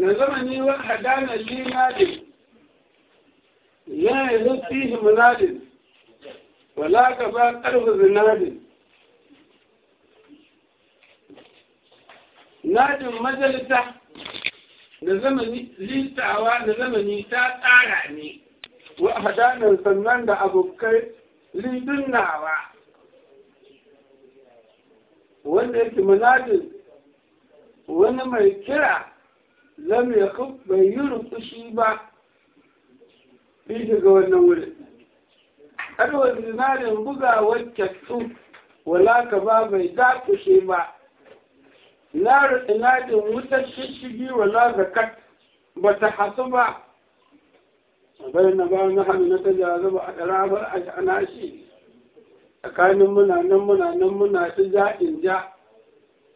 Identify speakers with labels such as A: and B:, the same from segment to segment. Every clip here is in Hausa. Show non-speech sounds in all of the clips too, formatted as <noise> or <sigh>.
A: na zamani wa hadana li nadin la yazid fihi munadin wala ka ba karfu zinadin nadin majalisa na zamani littawa na zamani ta tsara ne wa hadanar sannan da abokai lidunnawa wanda yake munadin wani mai kira lam ya bai yi rukushi ba fi shiga wannan wurin adwa zinarin bugawar su wala ka ba bai dakushe ba laru inadin wutar shishigi wala kat ba ta hasu ba bai na ba na hannu na ta jaza a ɗarabar a anashi tsakanin muna nan muna nan muna ta ja in ja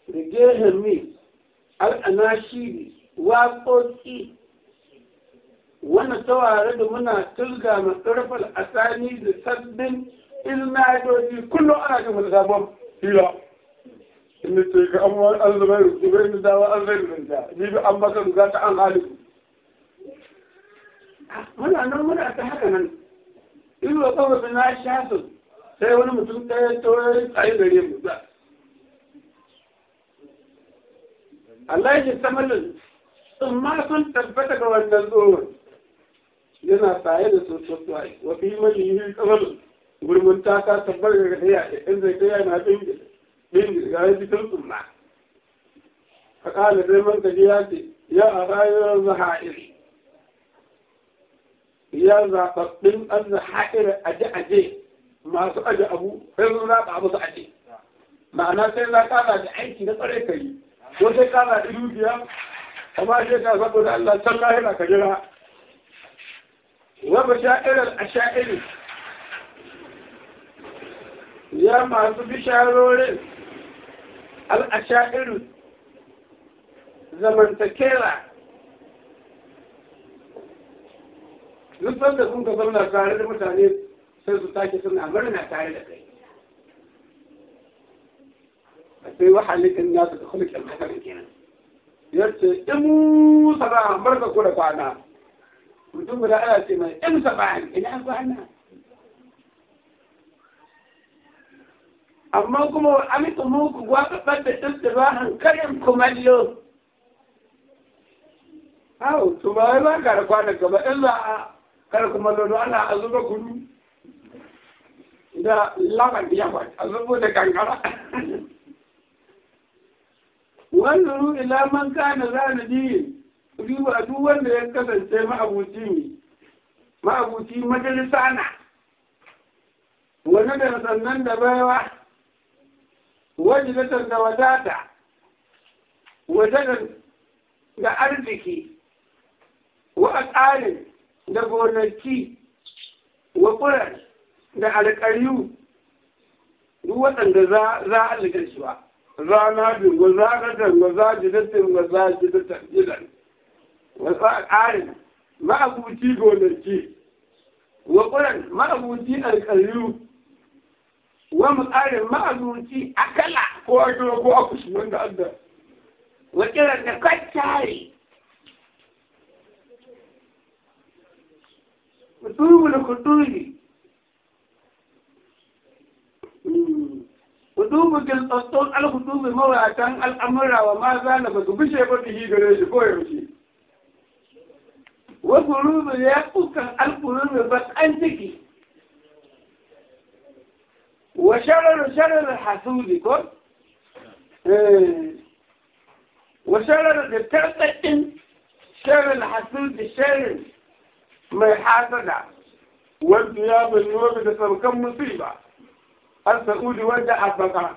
A: da gehen mi al'anashi ne waƙoƙi wani taware da muna tilga na a asani da sabbin ilmadoji kullum ana jin wani sabon hira inda ce ga an an zama yi rufu bai dawa an zai rufu ni bi an baka ruga ta an halin muna nan muna ta haka nan in ba kawai na sha sai wani mutum ɗaya tsoron tsaye gare mu ba Allah ya ji samalin amma sun tabbata ga wannan tsohon yana saye da sosai wafi fi yi kamar gurbin ta ka tabbar ga gaya in zai ta yana bingil ga yi fitar tsumma a kala zai man gaji ya ce ya a rayuwar zaha'ir ya zaɓaɓɓin an zaha'ir aje aje masu aje abu sai sun zaɓa abu su aje ma'ana sai za ƙara da aiki na tsare kai wajen sai da dubiya فماشي فقل الله تقاه لك جرا وبشائر الأشائر يا ما تبشارون الأشائر زمن تكيرا لطفاً لكم كظلنا سارة المتانين سيسوتاكي سنة أمرنا سارة لكي في واحد لك الناس تدخلك المحكمة كينا ya ce imu saba'an barka ko da kwana mutum guda ana ce mai imu saba'an ina kwana amma kuma wa amita muku gwaɓaɓar da ɗin karin kumallo hau tuma wai ba ka da kwana gaba in za a kar kumallo don ana azuba zuba kudu da laban yawa a zubo da kankara <laughs> wannan ila man kana zana diyin riba duk wanda ya kasance ma'abuci ma'abuci majalisa na wani da sannan da baiwa wajilatar da wadata wajalar da arziki wa tsarin da gonaki wa ƙurar da alƙariyu duk waɗanda za a ligar ba ذا نادي وزاغة وزاجة وزاجة تحجيلا وزاج عالم ما أبو تيجو نجي وقرن ما أبو تي القليل ومقارن ما أبو تي أكلا كواجو كواكش من هذا وكذا نكتاري وطول الخطوري dumugil tsottun alhudumi mawatan al'amura wa ma za na ba su bishe ba su gare shi koyaushe. Wasu rubu ya kukan alkurumi ba an ciki. Wa sharar sharar hasudi ko? Wa sharar da tarɗaɗin sharar hasudi sharar mai hasada. Wanda ya bin nomi da saukan musiba. al-sa'udi wanda asaka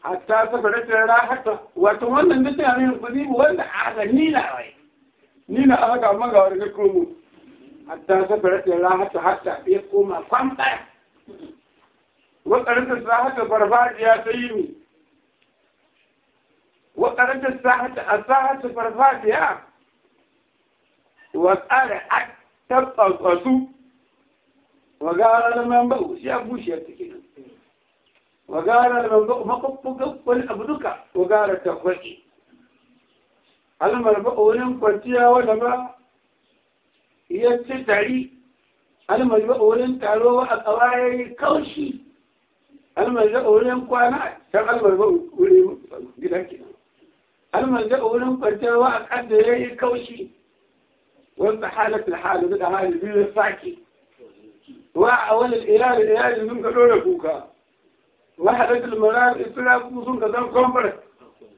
A: hatta safarar tara haka wato wannan da tana yin kudi wanda aka nila wai nila aka manga wani ga komo hatta safarar tara haka hatta ya koma kwamba wakarantar sa haka barbajiya sai yi sa haka a haka وقال يا بوش يا شيبتكين وقال المنبو مقب قب والأبدك وقال تخوتي المنبو نمقتيا ولما يتتعي المنبو نمتعلو وأقواعي كوشي المنبو نمقوانا كان المنبو نمقوانا المنبو نمقتيا وأقعد كوشي وانت حالة الحالة بدها هاي البيض الفاكي وأول الإله الإله من كلون كوكا واحد أجل مرار إطلاع كوزون كذل كومبر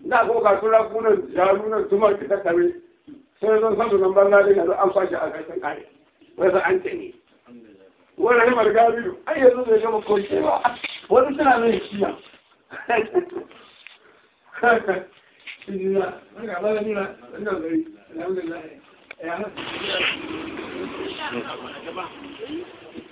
A: لا كوكا إطلاع كون جارون ثم كذا كبي سيدنا صلى الله عليه وسلم قال أم فاجع كاتن كاي وإذا أنتني ولا هم الجابيل أي رجل يجمع كل شيء ولا سنا من الشيا Yeah. <laughs>